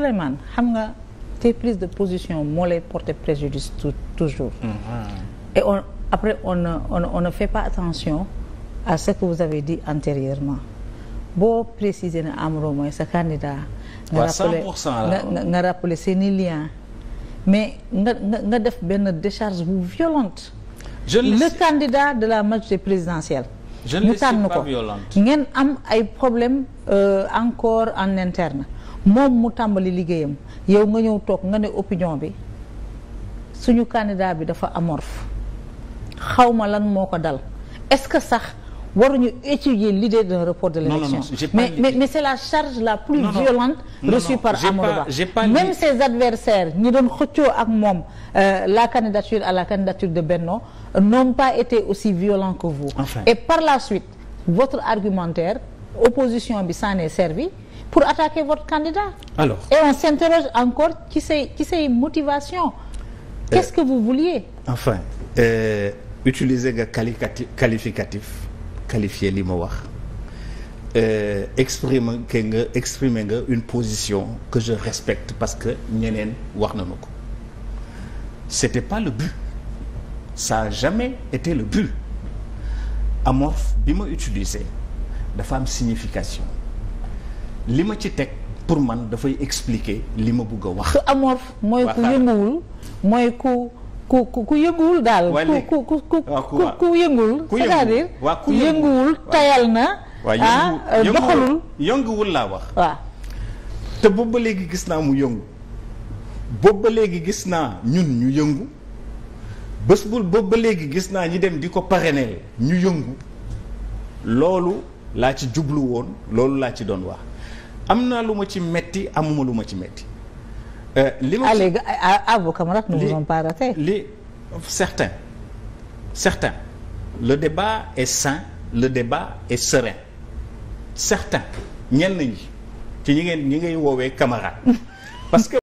Souleymane xam nga tes prises de position moo lay porter préjudice toujours. Mm, et on après on ne fait pas attention à ce que vous avez dit antérieurement boo préciser na Amadou mooy sa candidat. nga rappeler nga rappeler lien mais nga nga def benn décharge bu violente. Je le le candidat de la majorité présidentielle. ñu tànn ko ngeen am ay problèmes euh, encore en interne. moom mu tàmbali liggéeyam yow nga ñëw toog nga ne opinion bi suñu candidat bi dafa amorphe xaw lan moo ko dal est-ce que sax waruñu étudier l'idée d'un report de l'élection mais mais mais c'est la charge la plus non, violente non, reçue par Amadou Ba même ses adversaires ñi doon xëccoo ak moom euh, la candidature à la candidature de Benno n'ont pas été aussi violents que vous et par la suite votre argumentaire opposition bi s'en est servi pour attaquer votre candidat. alors et on s'interroge encore ci say ci motivation. Euh, qu'est-ce que vous vouliez. enfin euh, utiliser nga qualificatif qualificatif qualifier li ma wax euh, exprimer que nga exprimer nga une position que je respecte parce que ñeneen wax nañu ko c'était pas le but ça a jamais été le but amorphe bi ma utiliser dafa am signification. li ma ci teg pour man dafay expliquer li ma bugg a wax. ku amorphe mooy ku yënguwul mooy ku ku ku yënguwul daal. ku ku ku ku yënguwul. ku yënguwul tayal na. ah doxalul yënguwul laa wax. waaw te boobu ba léegi gis naa mu yëngu boobu ba léegi gis naa ñun ñu yëngu bés bu boobu ba léegi gis naa ñi dem di ko parrainer ñu yëngu loolu laa ci jublu woon loolu laa ci doon wax. am na lu ma ci metti amuma lu ma ci metti euh, li ma ci à vos camarades ne vous ont li certains certains le débat est sain le débat est serein certains ñenn ñi ci ñi ngeen ñi ngay woowee camarades parce que